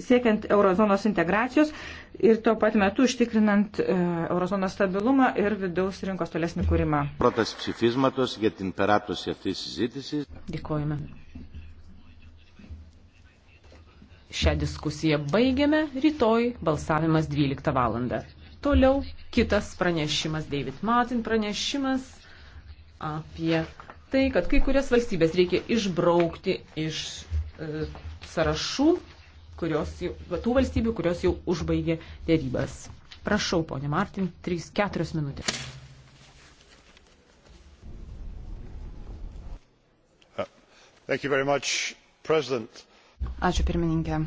siekiant eurozonos integracijos ir tuo pat metu užtikrinant e, eurozonos stabilumą ir vidaus rinkos tolesnį kūrimą. Protas psichizmatos, getin peratos jeftis įsitysis. Dėkojame. Šią diskusiją baigiame, rytoj balsavimas 12 val. Toliau kitas pranešimas, David Martin pranešimas apie tai, kad kai kurias valstybės reikia išbraukti iš e, sąrašų kurios, tų valstybių, kurios jau užbaigė dėrybas. Prašau, ponė Martin, 3-4 minutės. Much, Ačiū pirmininkė.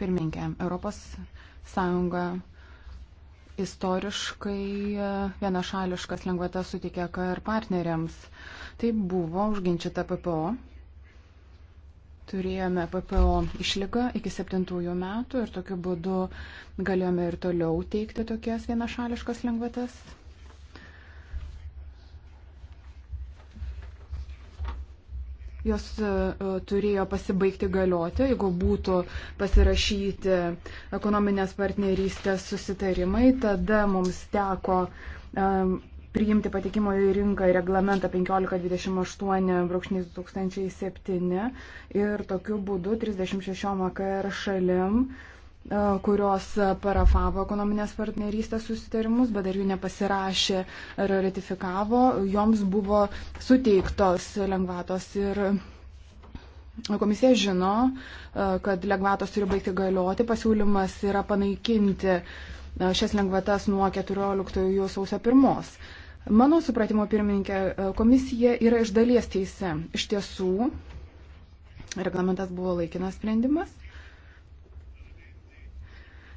Pirmininkė, Europos Sąjunga istoriškai vienašališkas lengvatas sutikė KR partneriams. Tai buvo užginčita PPO turėjome PPO išlygą iki septintųjų metų ir tokiu būdu galėjome ir toliau teikti tokias vienašališkas lengvatas. Jos e, turėjo pasibaigti galioti, jeigu būtų pasirašyti ekonominės partnerystės susitarimai, tada mums teko e, priimti patikimo į rinką reglamentą 1528-2007 ir tokiu būdu 36 AKR šalim, e, kurios parafavo ekonominės partnerystės susitarimus, bet dar jų nepasirašė ar ratifikavo, joms buvo suteiktos lengvatos ir Komisija žino, e, kad lengvatos turi baigti galioti, pasiūlymas yra panaikinti e, šias lengvatas nuo 14 sausio 1. Mano supratimo pirmininkė, e, komisija yra iš dalies teise. Iš tiesų, reglamentas buvo laikinas sprendimas.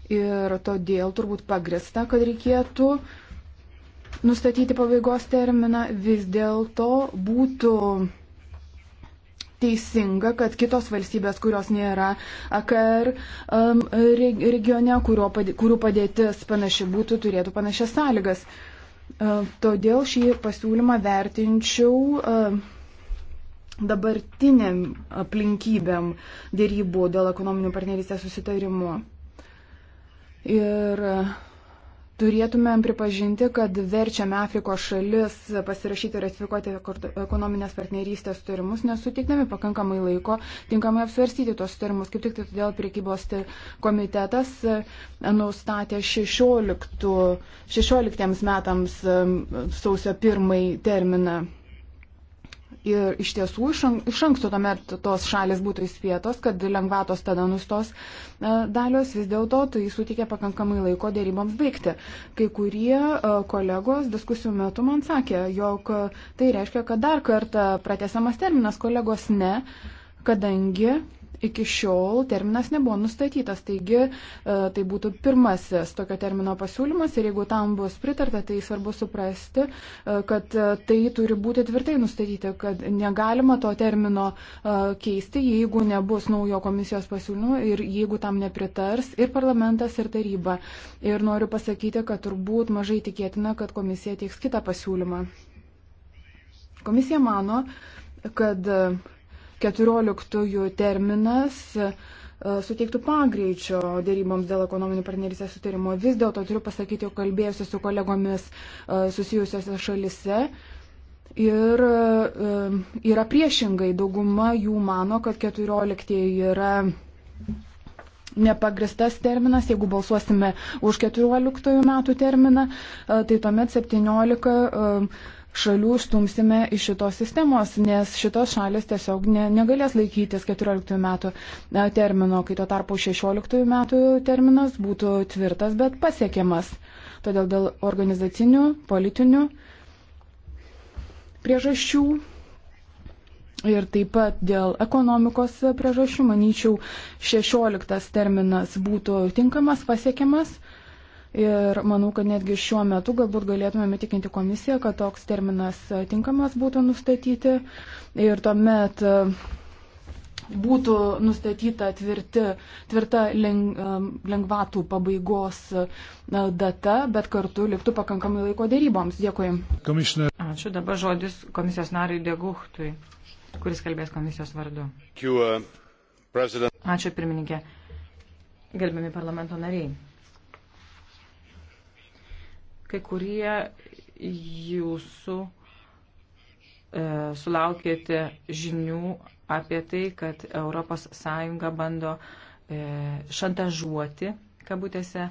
Ir todėl turbūt pagrista, kad reikėtų nustatyti pabaigos terminą. Vis dėlto būtų teisinga, kad kitos valstybės, kurios nėra AKR um, regione, kurio, kurių padėtis panaši būtų, turėtų panašias sąlygas. Uh, E, todėl šį pasiūlymą vertinčiau e, dabartiniam aplinkybėm dėrybų dėl ekonominių partnerystės susitarimų. Ir Turėtumėm pripažinti, kad verčiame Afrikos šalis pasirašyti ir ratifikuoti ekonominės partnerystės sutarimus, nesutikdami pakankamai laiko tinkamai apsvarstyti tos sutarimus. Kaip tik tai todėl priekybos komitetas e, nustatė 16, 16 metams sausio pirmai terminą. Ir iš tiesų iš anksto tuomet tos šalis būtų įspėtos, kad lengvatos tada nustos e, dalios, vis dėlto tai sutikė pakankamai laiko dėryboms baigti. Kai kurie e, kolegos diskusijų metu man sakė, jog e, tai reiškia, kad dar kartą pratesamas terminas, kolegos ne, kadangi iki šiol terminas nebuvo nustatytas, taigi e, tai būtų pirmasis tokio termino pasiūlymas ir jeigu tam bus pritarta, tai svarbu suprasti, e, kad e, tai turi būti tvirtai nustatyti, kad negalima to termino keisti, jeigu nebus naujo komisijos pasiūlymo ir jeigu tam nepritars ir parlamentas, ir taryba. Ir noriu pasakyti, kad turbūt mažai tikėtina, kad komisija teiks kitą pasiūlymą. Komisija mano, kad uh, 14 terminas e, suteiktų pagreičio dėryboms dėl ekonominių partnerystės sutarimo. Vis dėlto turiu pasakyti, jau kalbėjusi su kolegomis e, susijusiose šalise. Ir e, yra priešingai, dauguma jų mano, kad 14 yra nepagristas terminas, jeigu balsuosime už 14 metų terminą, tai tuomet 17 šalių stumsime iš šitos sistemos, nes šitos šalis tiesiog ne, negalės laikytis 14 metų termino, kai tuo tarpu 16 metų terminas būtų tvirtas, bet pasiekiamas. Todėl dėl organizacinių, politinių priežasčių Ir taip pat dėl ekonomikos priežasčių, manyčiau, 16 terminas būtų tinkamas, pasiekiamas. Ir manau, kad netgi šiuo metu galbūt galėtumėme tikinti komisiją, kad toks terminas e, tinkamas būtų nustatyti. Ir tuomet e, būtų nustatyta tvirti, tvirta e, lengvatų pabaigos data, bet kartu liktų pakankamai laiko dėryboms. Dėkui. Komisinė. Ačiū dabar žodis komisijos nariui Deguhtui, kuris kalbės komisijos vardu. Uh, Ačiū pirmininkė. Gerbiami parlamento nariai. Kai kurie jūsų e, sulaukėte žinių apie tai, kad ES bando e, šantažuoti, kabutėse,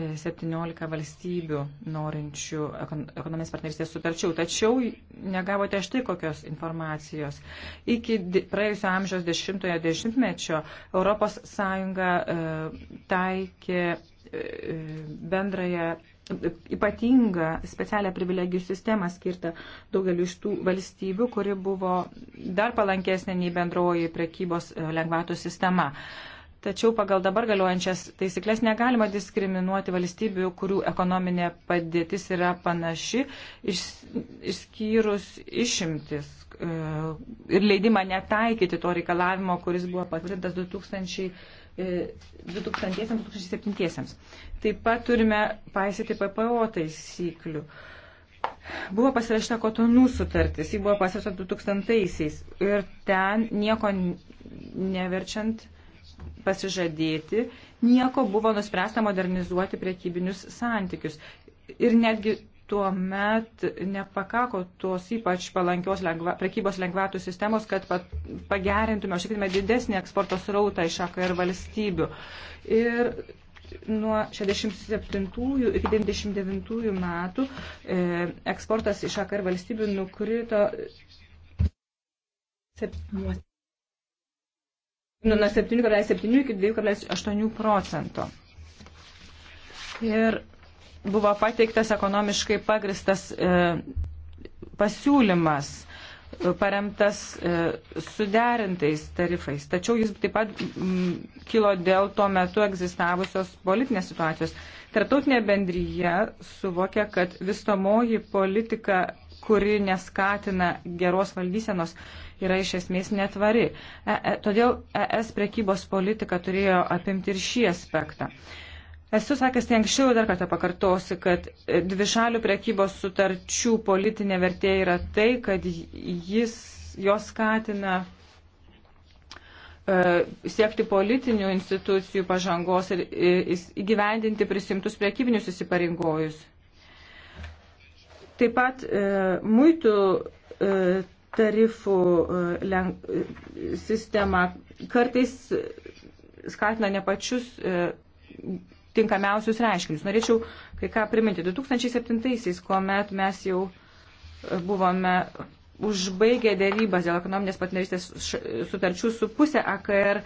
17 e, valstybių norinčių ekonominės partnerystės sutarčių. Tačiau negavote štai kokios informacijos. Iki praėjusio amžiaus 10-ojo dešimtmečio ES taikė bendrąją ypatingą specialią privilegijų sistemą skirtą daugeliu iš tų valstybių, kuri buvo dar palankesnė nei bendroji prekybos e, lengvatų sistema. Tačiau pagal dabar galiojančias taisyklės negalima diskriminuoti valstybių, kurių ekonominė padėtis yra panaši, iš, išskyrus išimtis e, ir leidimą netaikyti to reikalavimo, kuris buvo patvirtintas 2000. 2000-2007. E, Taip pat turime paisyti PPO taisyklių. Buvo pasirašyta kotonų sutartis, ji buvo pasirašyta 2000-aisiais ir ten nieko neverčiant pasižadėti, nieko buvo nuspręsta modernizuoti priekybinius santykius. Ir netgi tuo met nepakako tos ypač palankios lengva, prekybos lengvatų sistemos, kad pat, pagerintume, užtikrintume didesnį eksporto srautą iš AKR valstybių. Ir nuo 67 iki 99 metų e, eksportas iš AKR valstybių nukrito nuo 7,7 iki 2,8 procento. Ir buvo pateiktas ekonomiškai pagristas e, pasiūlymas e, paremtas e, suderintais tarifais. Tačiau jis taip pat m, kilo dėl tuo metu egzistavusios politinės situacijos. Tartautinė bendryje suvokia, kad vistomoji politika, kuri neskatina geros valdysenos, yra iš esmės netvari. E, e, todėl ES prekybos politika turėjo apimti ir šį aspektą. E, Esu sakęs tai anksčiau ir dar kartą pakartosiu, kad e, dvišalių prekybos sutarčių politinė vertė yra tai, kad jis, jos skatina e, siekti politinių institucijų pažangos ir įgyvendinti prisimtus priekybinius įsiparingojus. Taip pat e, muitų e, tarifų e, lenk, e, sistema kartais e, skatina ne pačius e, tinkamiausius reiškinius. Norėčiau kai ką priminti. 2007-aisiais, kuomet mes jau e, buvome užbaigę dėrybas dėl ekonominės partnerystės e, sutarčių su pusė AKR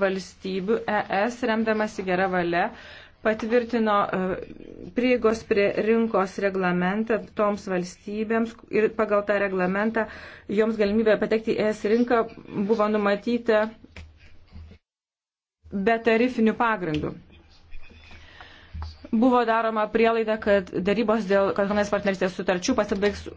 valstybių, ES remdamasi gerą valią patvirtino e, prieigos prie rinkos reglamentą toms valstybėms ir pagal tą reglamentą joms galimybė patekti į ES rinką buvo numatyta be tarifinių pagrindų. Buvo daroma prielaida, kad darybos dėl kalkanės partnerystės sutarčių pasibaigs uh,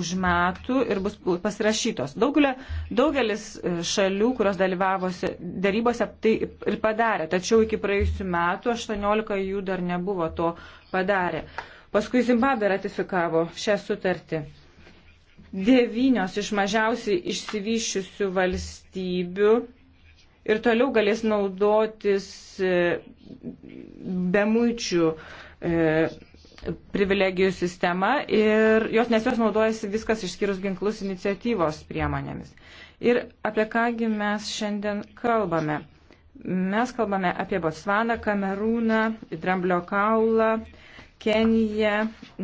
už metų ir bus pasirašytos. Daugelė, daugelis e, šalių, kurios dalyvavosi darybose, tai ir padarė, tačiau iki praėjusių metų 18 jų dar nebuvo to padarę. Paskui Zimbabvė ratifikavo šią sutartį. Devynios iš mažiausiai išsivyščiusių valstybių ir toliau galės naudotis e, bemuičių e, privilegijų sistema ir jos nes jos naudojasi viskas išskyrus ginklus iniciatyvos priemonėmis. Ir apie kągi mes šiandien kalbame. Mes kalbame apie Botsvaną, Kamerūną, Dramblio kaulą, Keniją,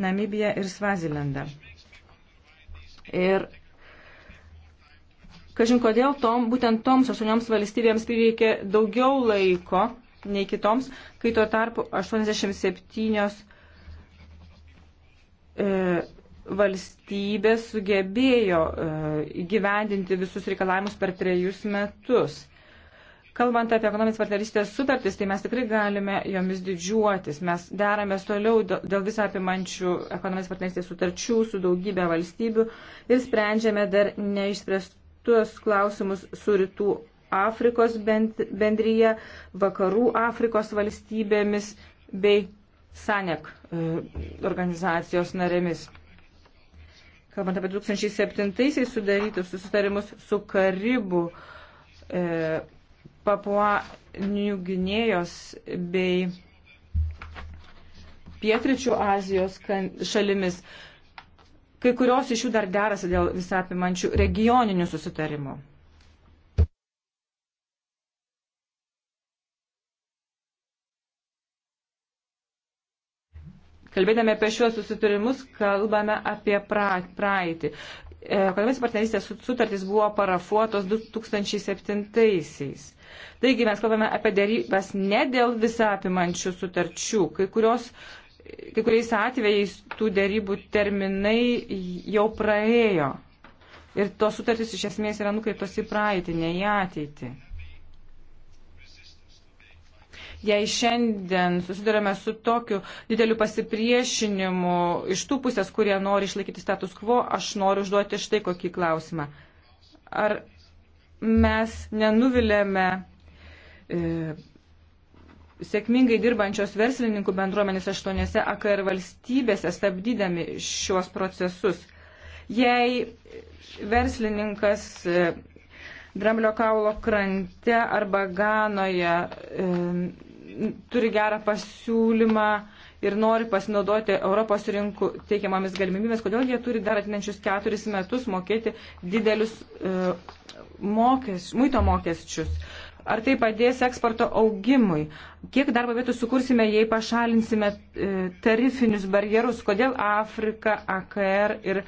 Namibiją ir Svazilendą. Ir Kažin kodėl tom, būtent toms aštuonioms valstybėms prireikė daugiau laiko nei kitoms, kai tuo tarpu 87 e, valstybės sugebėjo e, įgyvendinti e, visus reikalavimus per trejus metus. Kalbant apie ekonominės partnerystės sutartis, tai mes tikrai galime jomis didžiuotis. Mes deramės toliau dėl visą apimančių ekonominės partnerystės sutarčių su daugybė valstybių ir sprendžiame dar neišspręstų tuos klausimus su rytų Afrikos bendryje, vakarų Afrikos valstybėmis bei SANEK e, organizacijos narėmis. Kalbant apie 2007-aisiais sudarytus susitarimus su Karibų, e, Papua New Gynėjos bei Pietričių Azijos šalimis. E, Kai kurios iš jų dar derasi dėl visapimančių regioninių susitarimų. Kalbėdami apie šiuos susitarimus, kalbame apie pra, praeitį. E, Ekonominės partnerystės sutartys buvo parafuotos 2007-aisiais. Taigi mes kalbame apie dėrybas ne dėl visapimančių sutarčių. Kai kurios kai kuriais atvejais tų dėrybų terminai jau praėjo. Ir tos sutartys iš esmės yra nukreiptos į praeitį, ne į ateitį. Jei šiandien susidurime su tokiu dideliu pasipriešinimu iš tų pusės, kurie nori išlaikyti status quo, aš noriu užduoti štai kokį klausimą. Ar mes nenuvilėme e, sėkmingai dirbančios verslininkų bendruomenės aštuoniuose AKR valstybėse, stabdydami šiuos procesus. Jei verslininkas e, Dramblio kaulo krante arba Ganoje e, turi gerą pasiūlymą ir nori pasinaudoti Europos rinkų teikiamomis galimybėmis, kodėl jie turi dar atinančius keturis metus mokėti didelius e, mokes, muito mokesčius. Ar tai padės eksporto augimui? Kiek darbo vietų sukursime, jei pašalinsime e, tarifinius barjerus? Kodėl Afrika, AKR ir e,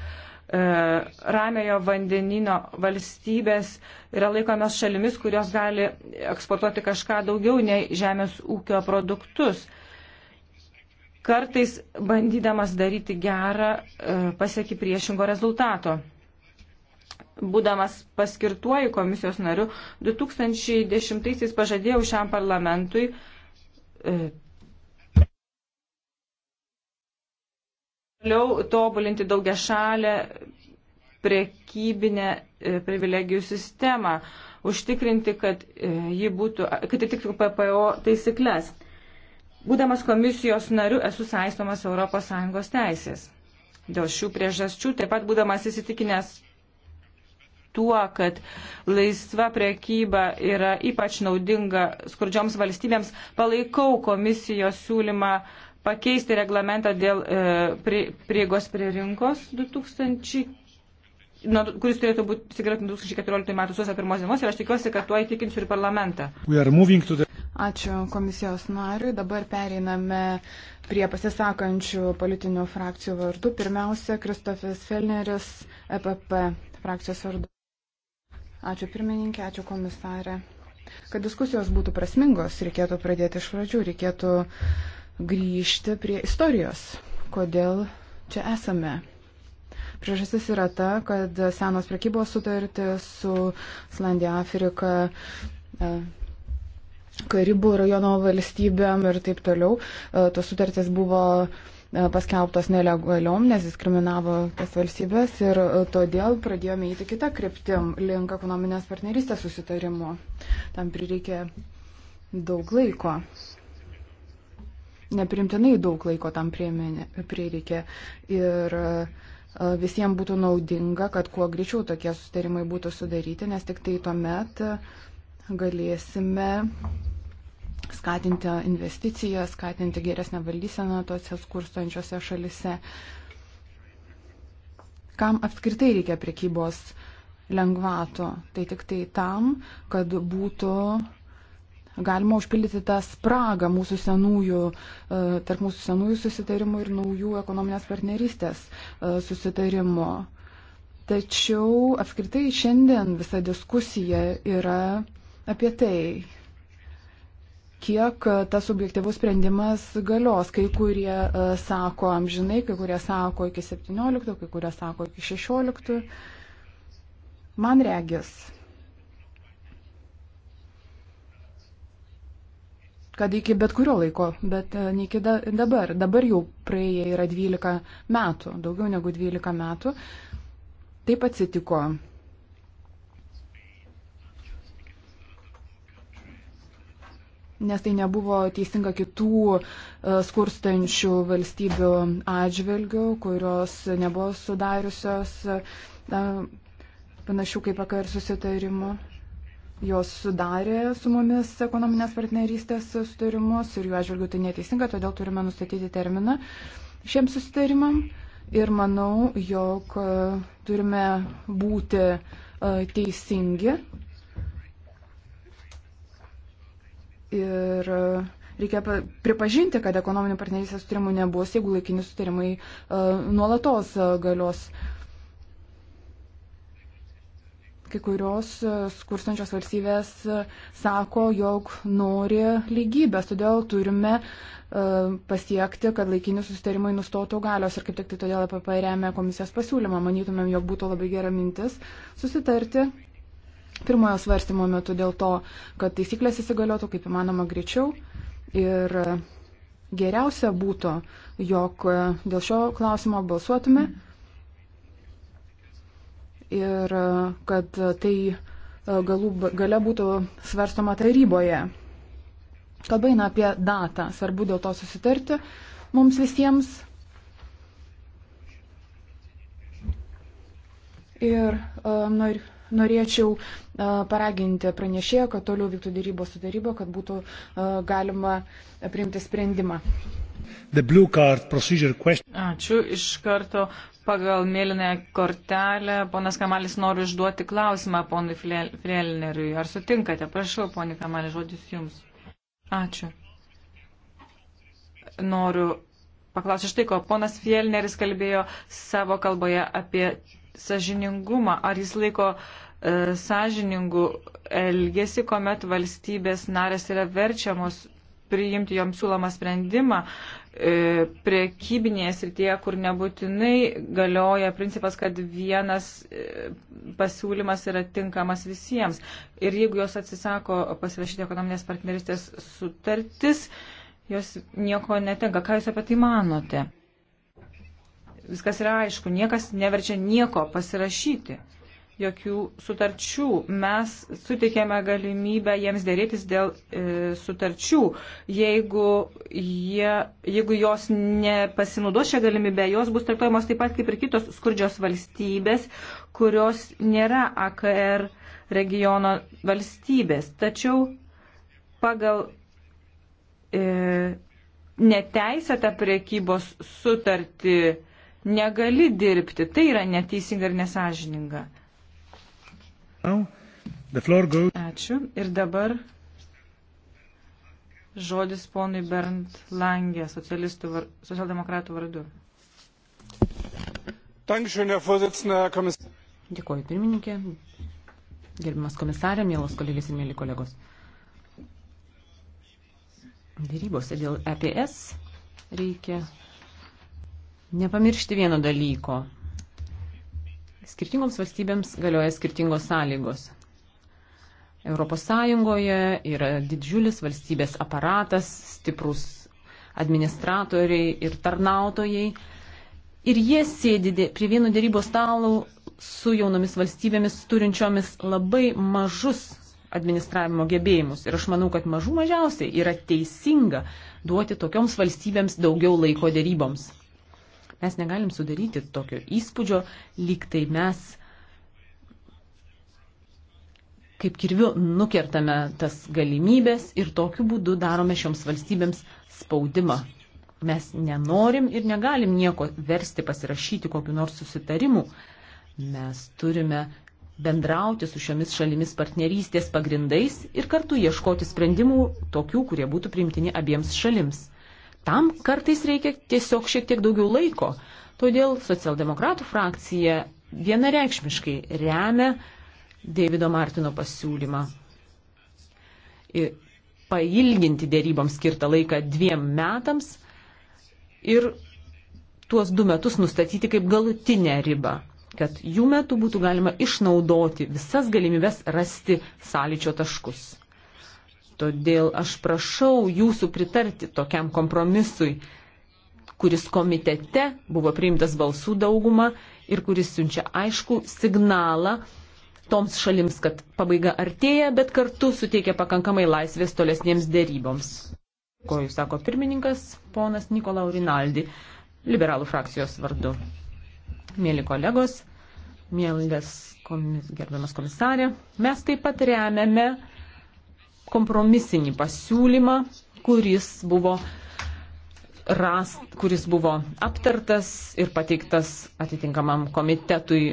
ramiojo vandenino valstybės yra laikomas šalimis, kurios gali eksportuoti kažką daugiau nei žemės ūkio produktus. Kartais bandydamas daryti gerą e, pasieki priešingo rezultato būdamas paskirtuoju komisijos nariu, 2010-aisiais pažadėjau šiam parlamentui e, toliau tobulinti daugia šalę prekybinę e, privilegijų sistemą, užtikrinti, kad e, ji būtų, kad atitiktų PPO taisyklės. Būdamas komisijos nariu esu saistomas ES teisės. Dėl šių priežasčių, taip pat būdamas įsitikinęs tuo, kad laisva priekyba yra ypač naudinga skurdžioms valstybėms, palaikau komisijos siūlymą pakeisti reglamentą dėl e, prie, prieigos prie rinkos 2000. Nu, kuris turėtų būti įsigaliotų 2014 m. sausio pirmos dienos ir aš tikiuosi, kad tuo įtikinsiu ir parlamentą. The... Ačiū komisijos nariui. Dabar pereiname prie pasisakančių politinių frakcijų vardų. Pirmiausia, Kristofas Felneris, EPP frakcijos vardu. Ačiū pirmininkė, ačiū komisarė. Kad diskusijos būtų prasmingos, reikėtų pradėti iš pradžių, reikėtų grįžti prie istorijos, kodėl čia esame. Priežastis yra ta, kad senos prekybos sutartys su Islandija, Afrika, e, Karibų rajono valstybėm ir taip toliau, e, tos sutartys buvo E, paskelbtos nelegaliom, nes diskriminavo tas valstybės ir e, todėl pradėjome įti kitą kryptim link ekonominės partnerystės susitarimo. Tam prireikė daug laiko. Neprimtinai daug laiko tam prireikė. Ir e, visiems būtų naudinga, kad kuo greičiau tokie susitarimai būtų sudaryti, nes tik tai tuomet galėsime skatinti investicijas, skatinti geresnę valdyseną tose skurstančiose šalise. Kam apskritai reikia prekybos lengvato? Tai tik tai tam, kad būtų galima užpildyti tą spragą mūsų senųjų, e, tarp mūsų senųjų susitarimų ir naujų ekonominės partnerystės e, susitarimo. Tačiau apskritai šiandien visa diskusija yra apie tai, kiek e, tas subjektivus sprendimas galios. Kai kurie e, sako amžinai, kai kurie sako iki 17, kai kurie sako iki 16. Man regis, kad iki bet kurio laiko, bet e, ne iki da, dabar. Dabar jau praėję yra 12 metų, daugiau negu 12 metų. Taip atsitiko nes tai nebuvo teisinga kitų e, skurstančių valstybių atžvilgių, kurios nebuvo sudariusios e, panašių kaip vakar susitarimų. Jos sudarė su mumis ekonominės partnerystės sutarimus ir jų atžvilgių tai neteisinga, todėl turime nustatyti terminą šiem susitarimam. Ir manau, jog e, turime būti teisingi Ir e, reikia pripažinti, kad ekonominių partnerystės sutarimų nebus, jeigu laikini sutarimai e, nuolatos e, galios. Kai kurios skurstančios valstybės sako, jog nori lygybės, todėl turime pasiekti, kad laikini susitarimai nustotų galios ir kaip tik tai todėl EPP remia komisijos pasiūlymą. Manytumėm, jog būtų labai gera mintis susitarti pirmojo svarstymo metu dėl to, kad taisyklės įsigaliotų kaip įmanoma greičiau. Ir geriausia būtų, jog dėl šio klausimo balsuotume ir kad tai e, galų gale būtų svarstoma taryboje. Kalba eina apie datą, svarbu dėl to susitarti mums visiems. Ir um, e, noriu norėčiau paraginti pranešėją, kad toliau vyktų dėrybos su taryba, kad būtų galima priimti sprendimą. Ačiū iš karto. Pagal mėlynę kortelę, ponas Kamalis, noriu išduoti klausimą ponui Frelneriui. Ar sutinkate? Prašau, ponė Kamalis, žodis jums. Ačiū. Noriu paklausyti štai ko. Ponas Fielneris kalbėjo savo kalboje apie sažiningumą, ar jis laiko e, sažiningų elgesį, kuomet valstybės narės yra verčiamos priimti joms siūlomą sprendimą e, priekybinėje srityje, kur nebūtinai galioja principas, kad vienas e, pasiūlymas yra tinkamas visiems. Ir jeigu jos atsisako pasirašyti ekonominės partneristės sutartis, jos nieko netenka. Ką Jūs apie tai manote? Viskas yra aišku, niekas neverčia nieko pasirašyti, jokių sutarčių. Mes suteikėme galimybę jiems dėrėtis dėl e, sutarčių. Jeigu, jie, jeigu jos nepasinaudo šią galimybę, jos bus traktuojamos taip pat kaip ir kitos skurdžios valstybės, kurios nėra AKR regiono valstybės. Tačiau pagal e, neteisėtą priekybos sutartį negali dirbti. Tai yra neteisinga ir nesažininga. Ačiū. Ir dabar žodis ponui Bernd Langė, var, socialdemokratų vardu. Dėkuoju pirmininkė, gerbimas komisarė, mielos kolegės ir mėly kolegos. Dėrybose dėl EPS reikia nepamiršti vieno dalyko. Skirtingoms valstybėms galioja skirtingos sąlygos. Europos Sąjungoje yra didžiulis valstybės aparatas, stiprus administratoriai ir tarnautojai. Ir jie sėdi prie vieno dėrybos stalo su jaunomis valstybėmis turinčiomis labai mažus administravimo gebėjimus. Ir aš manau, kad mažų mažiausiai yra teisinga duoti tokioms valstybėms daugiau laiko dėryboms. Mes negalim sudaryti tokio įspūdžio, lyg tai mes kaip kirviu nukertame tas galimybės ir tokiu būdu darome šioms valstybėms spaudimą. Mes nenorim ir negalim nieko versti pasirašyti kokiu nors susitarimu. Mes turime bendrauti su šiomis šalimis partnerystės pagrindais ir kartu ieškoti sprendimų tokių, kurie būtų priimtini abiems šalims. Tam kartais reikia tiesiog šiek tiek daugiau laiko. Todėl socialdemokratų frakcija vienareikšmiškai remia Davido Martino pasiūlymą ir pailginti dėryboms skirtą laiką dviem metams ir tuos du metus nustatyti kaip galutinę ribą, kad jų metu būtų galima išnaudoti visas galimybes rasti sąlyčio taškus. Todėl aš prašau jūsų pritarti tokiam kompromisui, kuris komitete buvo priimtas balsų dauguma ir kuris siunčia aišku signalą toms šalims, kad pabaiga artėja, bet kartu suteikia pakankamai laisvės tolesniems dėryboms. Ko jūs sako pirmininkas, ponas Nikola Rinaldi, liberalų frakcijos vardu. Mėly kolegos, mėlygas komis, gerbiamas komisarė, mes taip pat remiame kompromisinį pasiūlymą, kuris buvo, rast, kuris buvo aptartas ir pateiktas atitinkamam komitetui.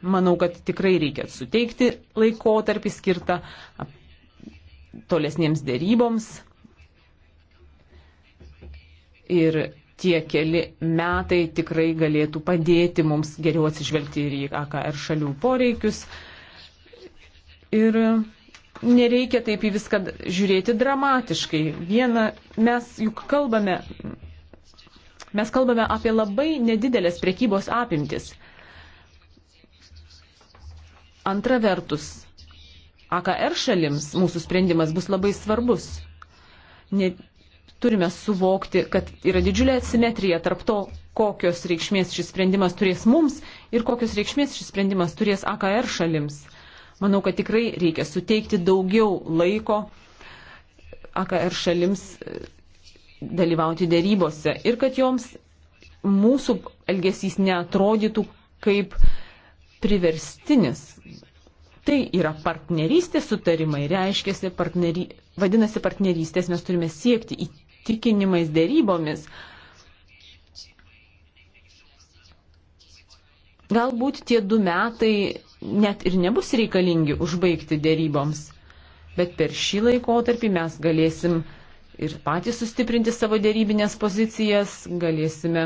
Manau, kad tikrai reikia suteikti laikotarpį skirtą tolesniems dėryboms. Ir tie keli metai tikrai galėtų padėti mums geriau atsižvelgti ir į AKR šalių poreikius. Ir nereikia taip į viską žiūrėti dramatiškai. Viena, mes juk kalbame, mes kalbame apie labai nedidelės priekybos apimtis. Antra vertus, AKR šalims mūsų sprendimas bus labai svarbus. Ne, turime suvokti, kad yra didžiulė asimetrija tarp to, kokios reikšmės šis sprendimas turės mums ir kokios reikšmės šis sprendimas turės AKR šalims. Manau, kad tikrai reikia suteikti daugiau laiko AKR šalims e, dalyvauti dėrybose ir kad joms mūsų elgesys neatrodytų kaip priverstinis. Tai yra partnerystės sutarimai, reiškia, partnery, vadinasi partnerystės mes turime siekti įtikinimais dėrybomis. Galbūt tie du metai net ir nebus reikalingi užbaigti dėryboms. Bet per šį laikotarpį mes galėsim ir patys sustiprinti savo dėrybinės pozicijas, galėsime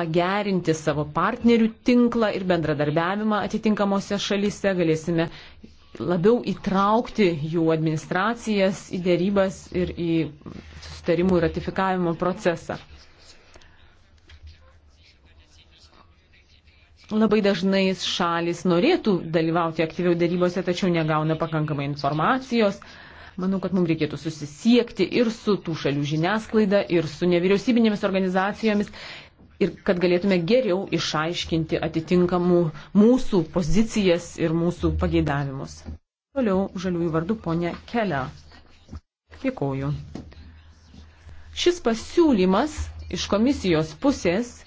pagerinti savo partnerių tinklą ir bendradarbiavimą atitinkamose šalyse, galėsime labiau įtraukti jų administracijas į dėrybas ir į sustarimų ratifikavimo procesą. Labai dažnai šalis norėtų dalyvauti aktyviau darybose, tačiau negauna pakankamai informacijos. Manau, kad mums reikėtų susisiekti ir su tų šalių žiniasklaida, ir su nevyriausybinėmis organizacijomis, ir kad galėtume geriau išaiškinti atitinkamų mūsų pozicijas ir mūsų pageidavimus. Toliau žaliųjų vardų ponė Kelia. Dėkoju. Šis pasiūlymas iš komisijos pusės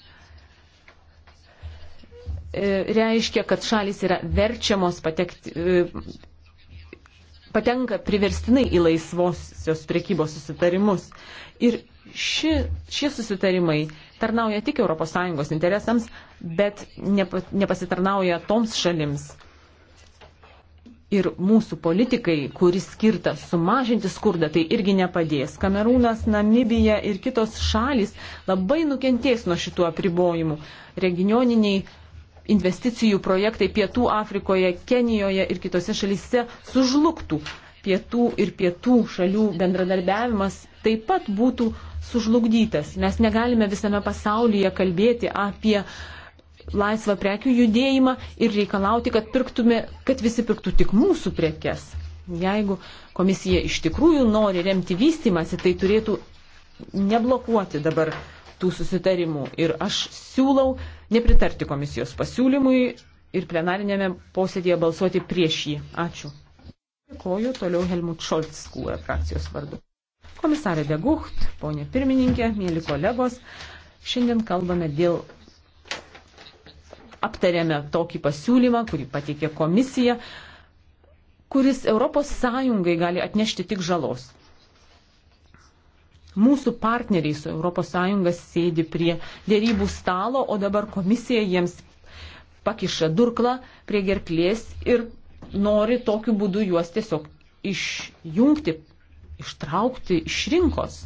E, reiškia, kad šalis yra verčiamos patekti, e, patenka priverstinai į laisvosios priekybos susitarimus. Ir ši, šie susitarimai tarnauja tik ES interesams, bet nepa, nepasitarnauja toms šalims. Ir mūsų politikai, kuris skirta sumažinti skurdą, tai irgi nepadės. Kamerūnas, Namibija ir kitos šalis labai nukentės nuo šitų apribojimų. Regioniniai investicijų projektai Pietų Afrikoje, Kenijoje ir kitose šalyse sužlugtų. Pietų ir pietų šalių bendradarbiavimas taip pat būtų sužlugdytas. Mes negalime visame pasaulyje kalbėti apie laisvą prekių judėjimą ir reikalauti, kad, pirktume, kad visi pirktų tik mūsų prekes. Jeigu komisija iš tikrųjų nori remti vystimąsi, tai turėtų neblokuoti dabar tų susitarimų. Ir aš siūlau nepritarti komisijos pasiūlymui ir plenarinėme posėdėje balsuoti prieš jį. Ačiū. Dėkoju toliau Helmut Scholz, kūrė frakcijos vardu. Komisarė Degucht, ponė pirmininkė, mėly kolegos, šiandien kalbame dėl aptarėme tokį pasiūlymą, kurį pateikė komisija, kuris ES gali atnešti tik žalos. Mūsų partneriai su ES sėdi prie dėrybų stalo, o dabar komisija jiems pakiša durklą prie gerklės ir nori tokiu būdu juos tiesiog išjungti, ištraukti iš rinkos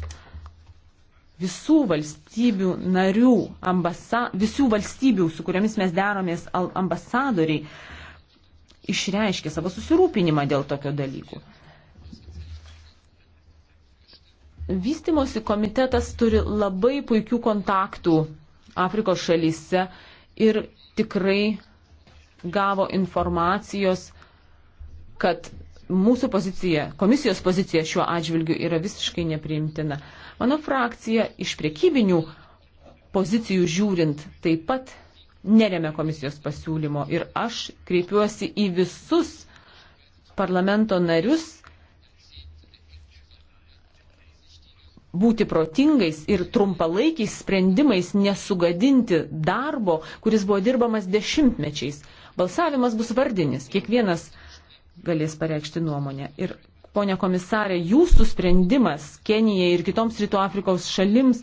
visų valstybių narių, ambasa, visų valstybių, su kuriamis mes deromės ambasadoriai, išreiškė savo susirūpinimą dėl tokio dalykų. Vystimosi komitetas turi labai puikių kontaktų Afrikos šalyse ir tikrai gavo informacijos, kad mūsų pozicija, komisijos pozicija šiuo atžvilgiu yra visiškai nepriimtina. Mano frakcija iš priekybinių pozicijų žiūrint taip pat neremia komisijos pasiūlymo ir aš kreipiuosi į visus parlamento narius būti protingais ir trumpalaikiais sprendimais nesugadinti darbo, kuris buvo dirbamas dešimtmečiais. Balsavimas bus vardinis, kiekvienas galės pareikšti nuomonę. Ir, ponia komisarė, jūsų sprendimas Kenijai ir kitoms Rytų Afrikos šalims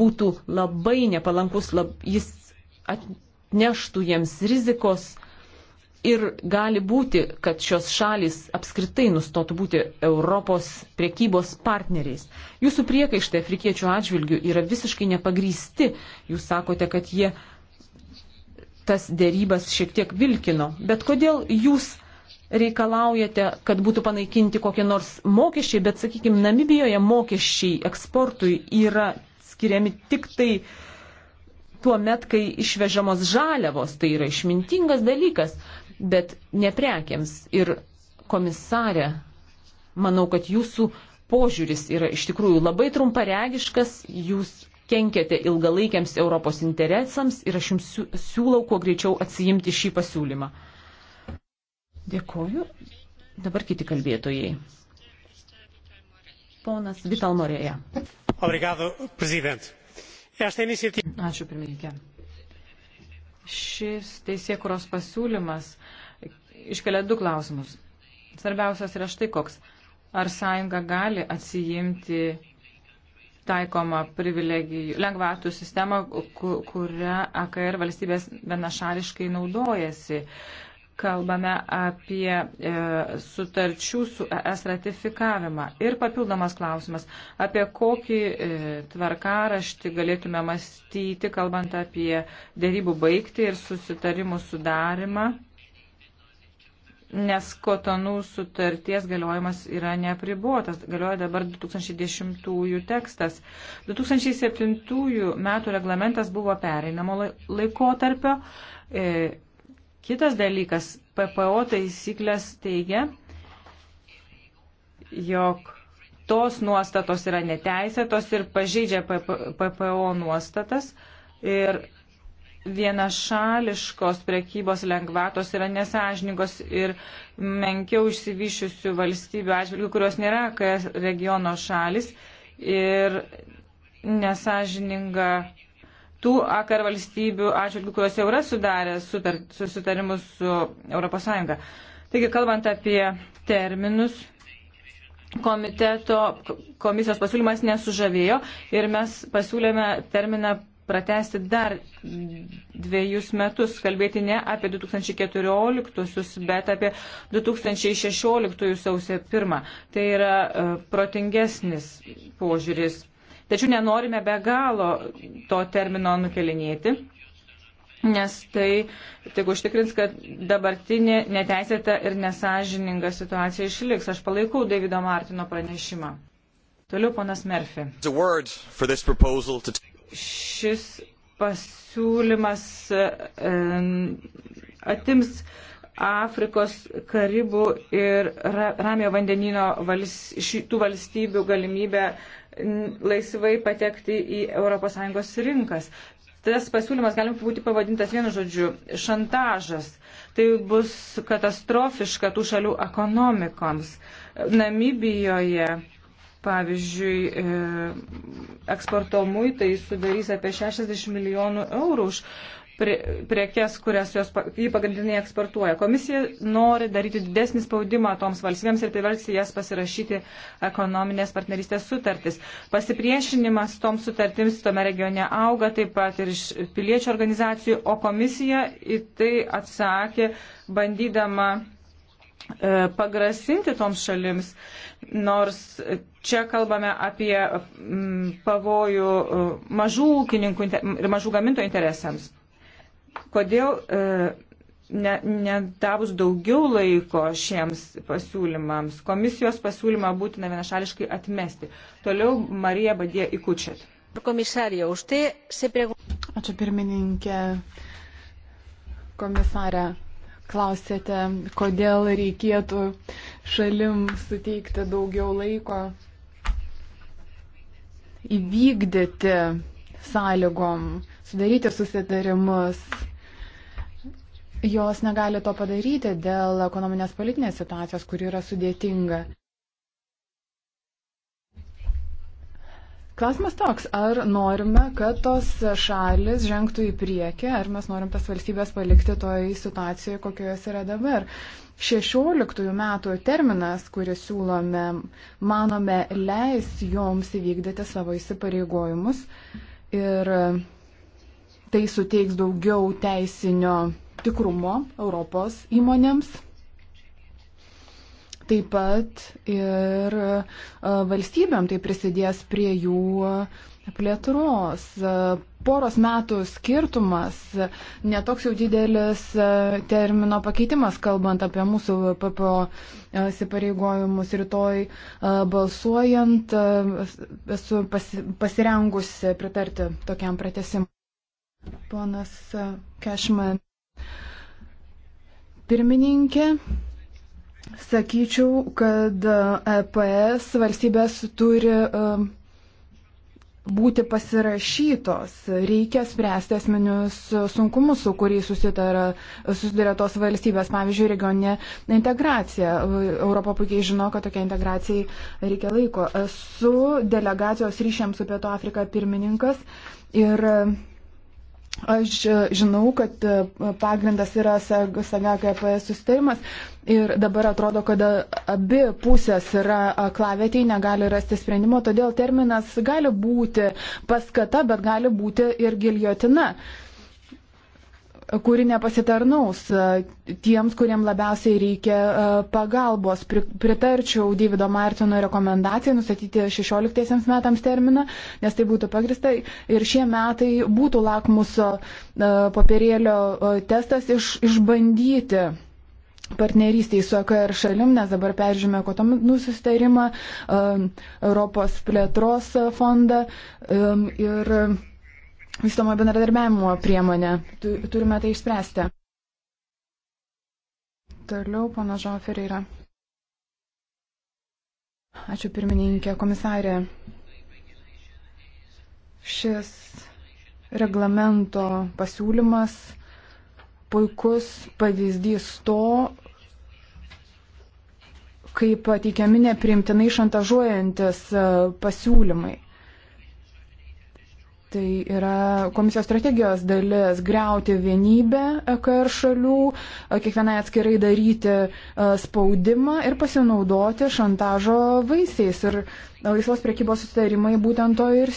būtų labai nepalankus, lab, jis atneštų jiems rizikos ir gali būti, kad šios šalis apskritai nustotų būti Europos priekybos partneriais. Jūsų priekaištai afrikiečių atžvilgių yra visiškai nepagrysti. Jūs sakote, kad jie tas dėrybas šiek tiek vilkino. Bet kodėl jūs reikalaujate, kad būtų panaikinti kokie nors mokesčiai, bet, sakykime, Namibijoje mokesčiai eksportui yra skiriami tik tai tuo met, kai išvežamos žaliavos. Tai yra išmintingas dalykas bet ne prekiams. Ir komisarė, manau, kad jūsų požiūris yra iš tikrųjų labai trumparegiškas, jūs kenkiate ilgalaikiams Europos interesams ir aš jums siūlau kuo greičiau atsijimti šį pasiūlymą. Dėkoju. Dabar kiti kalbėtojai. Ponas Vital Morėja. Ačiū, pirmininkė. Šis teisėkuros pasiūlymas iškelia du klausimus. Svarbiausias yra štai koks. Ar sąjunga gali atsijimti taikoma privilegijų lengvatų sistema, kurią AKR valstybės vienašališkai naudojasi. Uh, kalbame apie e, sutarčių su ES ratifikavimą. Ir papildomas klausimas, apie kokį e, tvarkaraštį galėtume mąstyti, kalbant apie dėrybų baigti ir susitarimų sudarimą, nes kotonų sutarties galiojimas yra nepribuotas. Galioja dabar 2010 tekstas. 2007 metų reglamentas buvo pereinamo laikotarpio. E, Kitas dalykas, PPO taisyklės teigia, jog tos nuostatos yra neteisėtos ir pažeidžia PPO nuostatas ir vienašališkos prekybos lengvatos yra nesažningos ir menkiau išsivyšiusių valstybių atžvilgių, kurios nėra regiono šalis ir nesažininga tų akar valstybių atžvilgių, kurios jau yra sudarę sutar, susitarimus su ES. Taigi, kalbant apie terminus, komiteto, komisijos pasiūlymas nesužavėjo ir mes pasiūlėme terminą pratesti dar dviejus metus, kalbėti ne apie 2014, bet apie 2016 sausio 1. Tai yra e, protingesnis požiūris. Tačiau nenorime be galo to termino nukelinėti, nes tai tik užtikrins, kad dabartinė neteisėta ir nesažininga situacija išliks. Aš palaikau Davido Martino pranešimą. Toliau ponas Merfi. Šis pasiūlymas e, atims Afrikos, Karibų ir Ramio vandenino vals, šitų valstybių galimybę laisvai patekti į ES rinkas. Tas pasiūlymas gali būti pavadintas vienu žodžiu - šantažas. Tai bus katastrofiška tų šalių ekonomikoms. Namibijoje, pavyzdžiui, e, eksporto muitai sudarys apie 60 milijonų eurų už prekes, kurias jos, jį pagrindinai eksportuoja. Komisija nori daryti didesnį spaudimą toms valstybėms ir priversti jas pasirašyti ekonominės partnerystės sutartis. Pasipriešinimas toms sutartims tome regione auga taip pat ir iš piliečių organizacijų, o komisija į tai atsakė bandydama e, pagrasinti toms šalims, nors čia kalbame apie pavojų e, mažų ūkininkų ir mažų gamintojų interesams. Kodėl e, nedavus ne, ne daugiau laiko šiems pasiūlymams, komisijos pasiūlymą būtina vienašališkai atmesti. Toliau Marija Badė įkučiat. Ačiū pirmininkė. Komisarė, klausėte, kodėl reikėtų šalim suteikti daugiau laiko įvykdyti sąlygom, sudaryti susidarimus Jos negali to padaryti dėl ekonominės politinės situacijos, kuri yra sudėtinga. Klausimas toks, ar norime, kad tos šalis žengtų į priekį, ar mes norim tas valstybės palikti toj situacijoje, kokioje jos yra dabar. 16 metų terminas, kurį siūlome, manome, leis joms įvykdyti savo įsipareigojimus ir tai suteiks daugiau teisinio tikrumo Europos įmonėms. Taip pat ir e, valstybėm tai prisidės prie jų plėtros. E, poros metų skirtumas netoks jau didelis e, termino pakeitimas, kalbant apie mūsų PPO įsipareigojimus rytoj balsuojant. Esu pasirengusi pritarti tokiam pratesimui. Ponas Kešman. Pirmininkė, sakyčiau, kad EPS e valstybės turi e, būti pasirašytos. Reikia spręsti esminius sunkumus, su kuriais susiduria tos valstybės, pavyzdžiui, regioninė integracija. Europa puikiai žino, kad tokia integracijai reikia laiko. Esu delegacijos ryšiams su Pietų Afrika pirmininkas ir Aš e, žinau, kad e, pagrindas yra SAGKP sustarimas ir dabar atrodo, kad e, abi pusės yra klavėtai, negali rasti sprendimo, todėl terminas gali būti paskata, bet gali būti ir giljotina. Uh, kuri nepasitarnaus e, tiems, kuriem labiausiai reikia e, pagalbos. Pritarčiau Davido Martino rekomendacijai nustatyti 16 metams terminą, nes tai būtų pagrista ir šie metai būtų lakmuso e, papirėlio testas iš, išbandyti partnerystėj su AKR šalim, nes dabar peržymė kotominų sustarimą, Europos plėtros fondą ir vystomo bendradarbiavimo priemonė. Turime tai išspręsti. Toliau, pana Žoferė yra. Ačiū pirmininkė, komisarė. Šis reglamento pasiūlymas puikus pavyzdys to, kaip teikiami neprimtinai šantažuojantis e, pasiūlymai. Tai yra komisijos strategijos dalis - greuti vienybę EKR šalių, kiekvienai atskirai daryti e, spaudimą ir pasinaudoti šantažo vaisiais. Ir e, laisvos priekybos susitarimai būtent to ir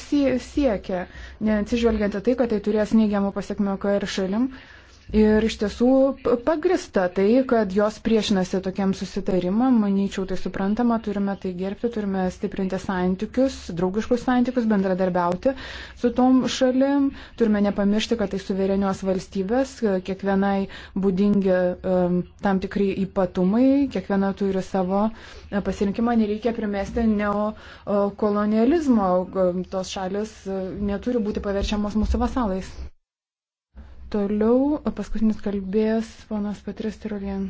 siekia, neatsižvelgiant į tai, kad tai turės neigiamą pasiekmių EKR šalim. Uh, Ir iš tiesų pagrista tai, kad jos priešinasi tokiam susitarimam, manyčiau tai suprantama, turime tai gerbti, turime stiprinti santykius, draugiškus santykius, bendradarbiauti su tom šalim, turime nepamiršti, kad tai suverenios valstybės, kiekvienai būdingi um, tam tikri ypatumai, kiekviena turi savo e, pasirinkimą, nereikia primesti neokolonializmo, tos šalis e, neturi būti paverčiamos mūsų vasalais. Toliau paskutinis kalbės ponas Patris Tirolien.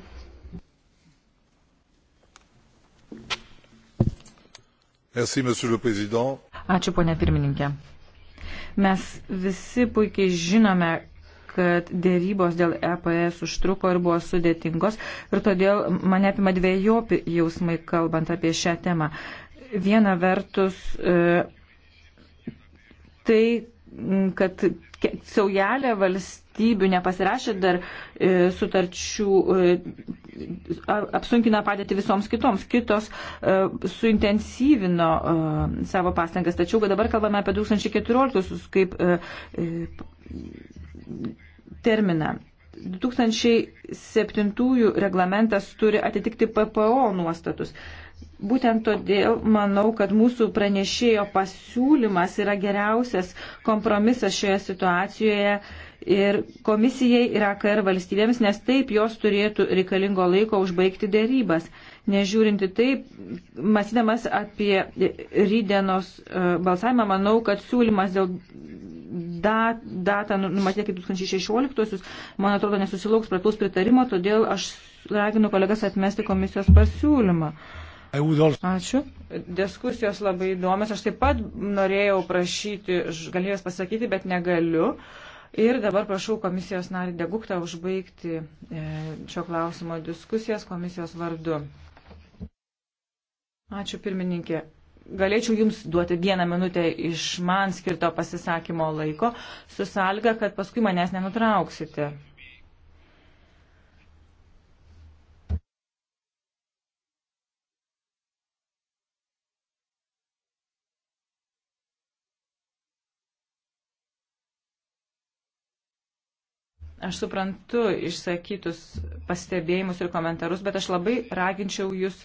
Merci, Ačiū, ponė pirmininkė. Mes visi puikiai žinome, kad dėrybos dėl EPS užtruko ir buvo sudėtingos ir todėl mane apima dviejopi jausmai kalbant apie šią temą. Viena vertus, e, tai, kad saujelė valstybių nepasirašė dar e, sutarčių, e, apsunkina padėti visoms kitoms, kitos e, suintensyvino e, savo pastangas. Tačiau dabar kalbame apie 2014 kaip e, e, terminą. 2007 reglamentas turi atitikti PPO nuostatus. Būtent todėl manau, kad mūsų pranešėjo pasiūlymas yra geriausias kompromisas šioje situacijoje ir komisijai ir AKR valstybėms, nes taip jos turėtų reikalingo laiko užbaigti dėrybas. Nežiūrinti taip, mąstydamas apie rydienos e, balsavimą, manau, kad siūlymas dėl dat, datą nu, numatyti kaip 2016, man atrodo, nesusilauks pratus pritarimo, todėl aš raginu kolegas atmesti komisijos pasiūlymą. Ačiū. Diskusijos labai įdomios. Aš taip pat norėjau prašyti, galėjęs pasakyti, bet negaliu. Ir dabar prašau komisijos narį Deguktą užbaigti e, šio klausimo diskusijas komisijos vardu. Ačiū pirmininkė. Galėčiau Jums duoti vieną minutę iš man skirto pasisakymo laiko, su salga, kad paskui manęs nenutrauksite. Aš suprantu išsakytus pastebėjimus ir komentarus, bet aš labai raginčiau jūs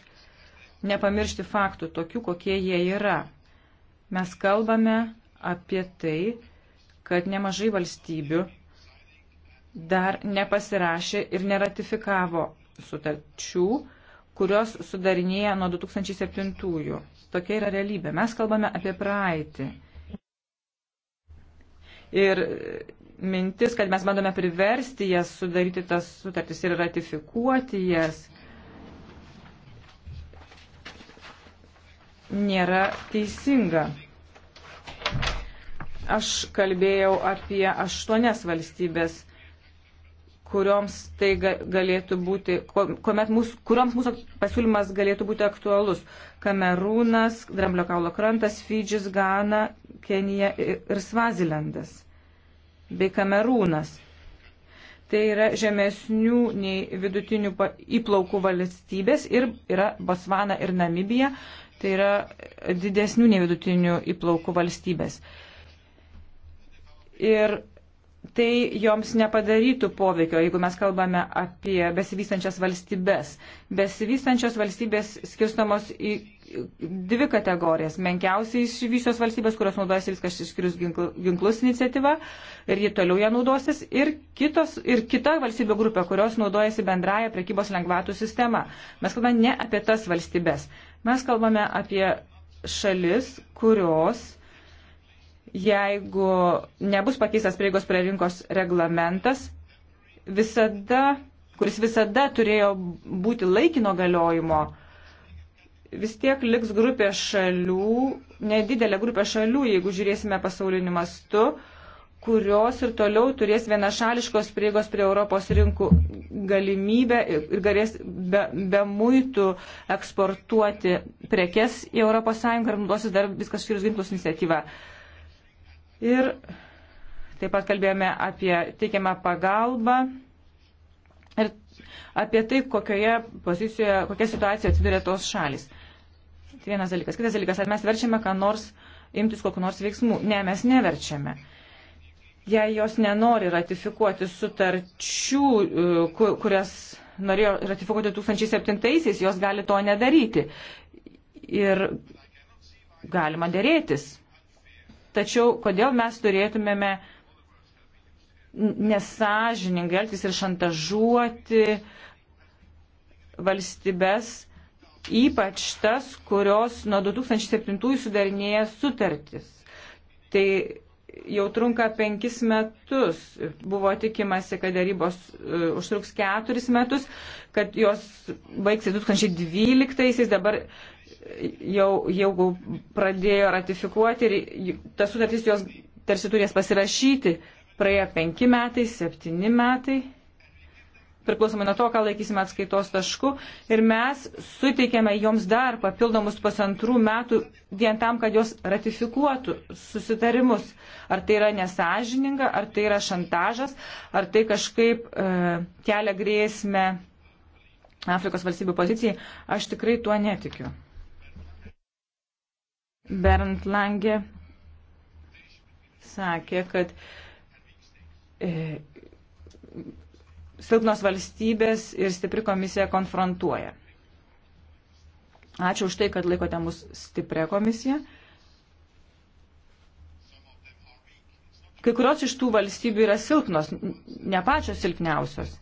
nepamiršti faktų tokių, kokie jie yra. Mes kalbame apie tai, kad nemažai valstybių dar nepasirašė ir neratifikavo sutarčių, kurios sudarinėja nuo 2007-ųjų. Tokia yra realybė. Mes kalbame apie praeitį. Ir mintis, kad mes bandome priversti jas sudaryti tas sutartis ir ratifikuoti jas, nėra teisinga. Aš kalbėjau apie aštuonias valstybės, kurioms tai galėtų būti, kuomet mūsų, kurioms mūsų pasiūlymas galėtų būti aktualus. Kamerūnas, Dramblio kaulo krantas, Fidžis, Gana, Kenija ir Svazilendas bei Kamerūnas. Tai yra žemesnių nei vidutinių įplaukų valstybės ir yra Bosvana ir Namibija, tai yra didesnių nei vidutinių įplaukų valstybės. Ir tai joms nepadarytų poveikio, jeigu mes kalbame apie besivystančias valstybės. Besivystančios valstybės skirstamos į dvi kategorijas. Menkiausiai išvysios valstybės, kurios naudojasi viskas išskirius ginklus iniciatyva ir ji toliau ją naudosis. Ir, kitos, ir kita valstybė grupė, kurios naudojasi bendraja prekybos lengvatų sistema. Mes kalbame ne apie tas valstybės. Mes kalbame apie šalis, kurios, jeigu nebus pakeistas prieigos prie rinkos reglamentas, visada kuris visada turėjo būti laikino galiojimo uh, vis tiek liks grupė šalių, nedidelė grupė šalių, jeigu žiūrėsime pasauliniu mastu, kurios ir toliau turės vienašališkos prieigos prie Europos rinkų galimybę ir galės be, be muitų eksportuoti prekes į ES ir naudosis dar viskas skirius ginklus iniciatyvą. Ir taip pat kalbėjome apie teikiamą pagalbą ir apie tai, kokioje pozicijoje, kokia situacija atsiduria tos šalis. Tai vienas dalykas. Kitas dalykas, ar mes verčiame, ką nors imtis kokiu nors veiksmu? Ne, mes neverčiame. Jei jos nenori ratifikuoti sutarčių, e, kurias norėjo ratifikuoti 2007-aisiais, jos gali to nedaryti. Ir galima dėrėtis. Tačiau kodėl mes turėtumėme nesažiningai elgtis ir šantažuoti valstybės ypač tas, kurios nuo 2007 sudarinėja sutartis. Tai jau trunka penkis metus, buvo tikimasi, kad darybos e, užtruks keturis metus, kad jos baigsis 2012-aisiais, dabar jau, jau pradėjo ratifikuoti ir tas sutartis jos tarsi turės pasirašyti. Praėjo penki metai, septyni metai priklausomai nuo to, ką laikysime atskaitos tašku. Ir mes suteikėme joms dar papildomus pusantrų metų vien tam, kad jos ratifikuotų susitarimus. Ar tai yra nesažininga, ar tai yra šantažas, ar tai kažkaip e, kelia grėsmę Afrikos valstybių pozicijai. Aš tikrai tuo netikiu. Bernd Lange sakė, kad e, silpnos valstybės ir stipri komisija konfrontuoja. Ačiū už tai, kad laikote mus stiprią komisiją. Kai kurios iš tų valstybių yra silpnos, ne pačios silpniausios,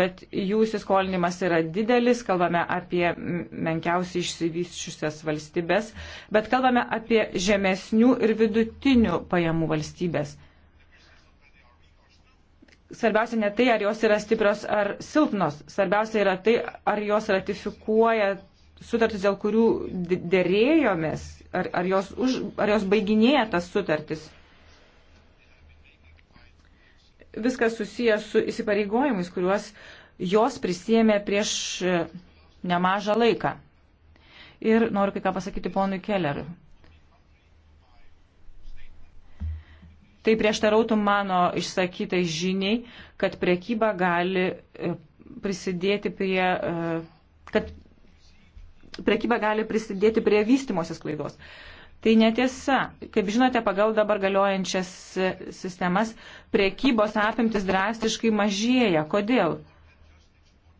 bet jų įsiskolinimas yra didelis, kalbame apie menkiausiai išsivysčiusias valstybės, bet kalbame apie žemesnių ir vidutinių pajamų valstybės svarbiausia ne tai, ar jos yra stiprios ar silpnos, svarbiausia yra tai, ar jos ratifikuoja sutartis, dėl kurių dėrėjomės, ar, ar, jos, už, ar jos baiginėja tas sutartis. Viskas susijęs su įsipareigojimais, kuriuos jos prisėmė prieš nemažą laiką. Ir noriu kai ką pasakyti ponui Kelleriui. Tai prieštarautų mano išsakytai žiniai, kad priekyba gali e, prisidėti prie, e, kad priekyba gali prisidėti prie vystimosios klaidos. Tai netiesa. Kaip žinote, pagal dabar galiojančias sistemas priekybos apimtis drastiškai mažėja. Kodėl?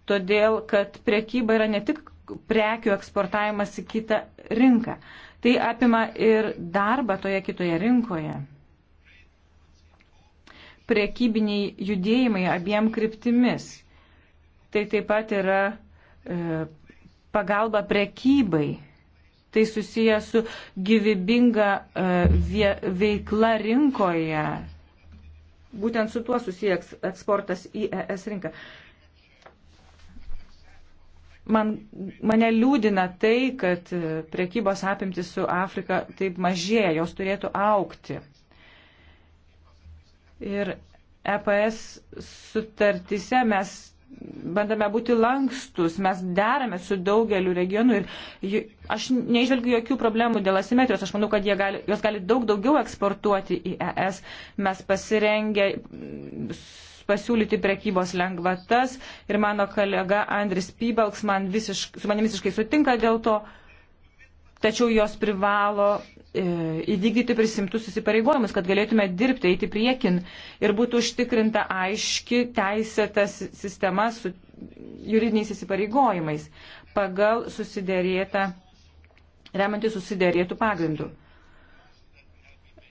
Todėl, kad priekyba yra ne tik prekių eksportavimas į kitą rinką. Tai apima ir darbą toje kitoje rinkoje prekybiniai judėjimai abiem kryptimis. Tai taip pat yra e, pagalba prekybai. Tai susiję su gyvybinga e, veikla rinkoje. Būtent su tuo susiję eksportas į ES rinką. Man, mane liūdina tai, kad e, prekybos apimtis su Afrika taip mažėja, jos turėtų aukti. Ir EPS sutartise mes bandame būti lankstus, mes derame su daugeliu regionų ir aš neižvelgiu jokių problemų dėl asimetrijos, aš manau, kad gali, jos gali daug daugiau eksportuoti į ES, mes pasirengę pasiūlyti prekybos lengvatas ir mano kolega Andris Pybalks man visiškai, su manim visiškai sutinka dėl to, tačiau jos privalo E, įvykdyti prisimtus įsipareigojimus, kad galėtume dirbti, eiti priekin ir būtų užtikrinta aiški teisėta sistema su juridiniais įsipareigojimais pagal susidėrėtą, remiantį susidėrėtų pagrindų.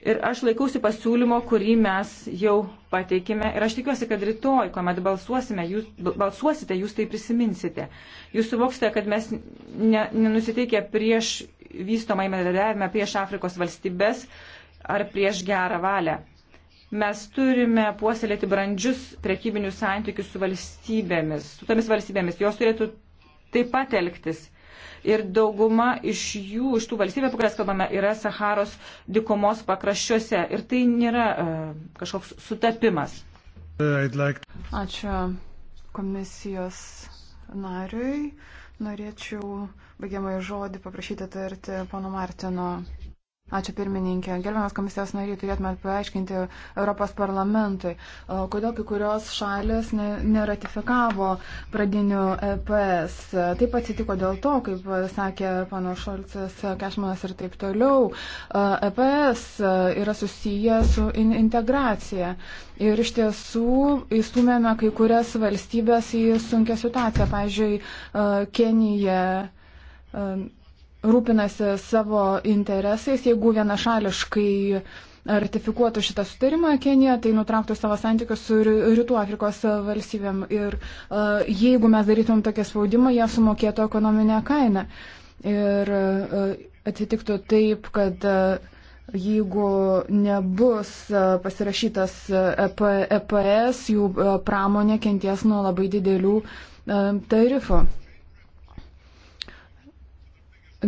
Ir aš laikausi pasiūlymo, kurį mes jau pateikime ir aš tikiuosi, kad rytoj, kuomet balsuosime, jūs, balsuosite, jūs tai prisiminsite. Jūs suvoksite, kad mes nenusiteikė ne prieš vystomą įmedaliavimą prieš Afrikos valstybės ar prieš gerą valią. Mes turime puoselėti brandžius prekybinius santykius su valstybėmis, su tomis valstybėmis. Jos turėtų taip pat elgtis. Ir dauguma iš jų, iš tų valstybių, apie kurias kalbame, yra Saharos dikumos pakraščiuose. Ir tai nėra uh, kažkoks sutapimas. Ačiū komisijos nariui. Norėčiau baigiamąjį žodį paprašyti tarti pono Martino. Ačiū pirmininkė. Gerbiamas komisijos nariai, turėtumėt paaiškinti Europos parlamentui, kodėl kai kurios šalis neratifikavo pradinių EPS. Taip atsitiko dėl to, kaip sakė pano Šolcas, Kešmanas ir taip toliau, EPS yra susiję su integracija. Ir iš tiesų įstumėme kai kurias valstybės į sunkę situaciją. Pavyzdžiui, Kenija rūpinasi savo interesais, jeigu vienašališkai ratifikuotų šitą sutarimą Kenija, tai nutrauktų savo santykius su Rytų Afrikos valstybėm. Ir e, jeigu mes darytumėm tokią spaudimą, jie sumokėtų ekonominę kainą. Ir e, atsitiktų taip, kad e, jeigu nebus pasirašytas EP, EPS, jų pramonė kenties nuo labai didelių tarifų.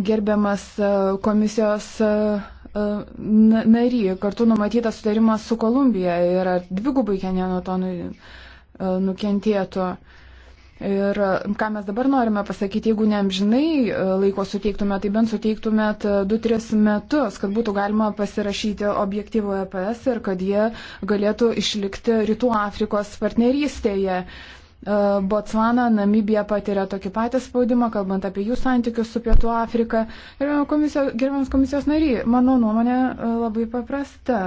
Gerbiamas e, komisijos e, e, nary, kartu numatytas sutarimas su Kolumbija ir dvigubai Kenija nuo to nu, nukentėtų. Ir ką mes dabar norime pasakyti, jeigu neamžinai laiko suteiktume, tai bent suteiktumėt 2-3 metus, kad būtų galima pasirašyti objektyvų EPS ir kad jie galėtų išlikti Rytų Afrikos partnerystėje. E, Botsvana, Namibija patiria tokį patį spaudimą, kalbant apie jų santykius su Pietų Afrika. Ir komisijos, gerbiamas komisijos nariai, mano nuomonė e, labai paprasta.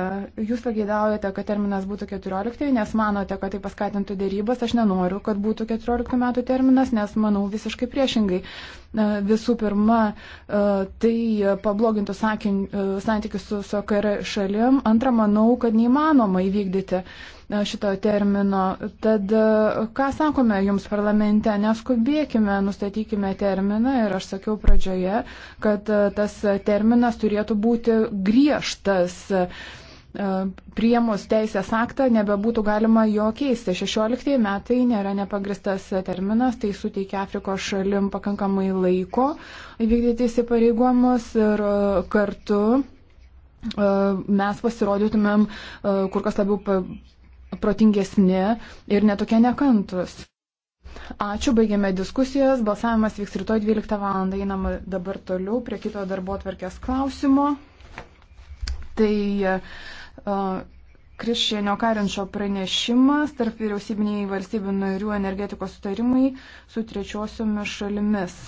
Jūs pageidaujate, kad terminas būtų 14, nes manote, kad tai paskatintų dėrybas. Aš nenoriu, kad būtų 14 metų terminas, nes manau visiškai priešingai. E, visų pirma, tai pablogintų santykius su SOKR šalim. Antra, manau, kad neįmanoma įvykdyti uh, E, šito termino. Tad e, ką sakome jums parlamente, neskubėkime, nustatykime terminą ir aš sakiau pradžioje, kad e, tas terminas turėtų būti griežtas. Priemus teisės aktą nebebūtų galima jo keisti. 16 metai nėra nepagristas terminas, tai suteikia Afrikos šalim pakankamai laiko įvykdyti įsipareigomus ir kartu mes pasirodytumėm kur kas labiau protingesni ir netokie nekantus. Ačiū, baigėme diskusijas. Balsavimas vyks rytoj 12 val. Einam dabar toliau prie kito darbo atverkės klausimo. Tai uh, e, Krišienio Karinčio pranešimas tarp vyriausybiniai valstybių narių energetikos sutarimai su trečiosiomis šalimis.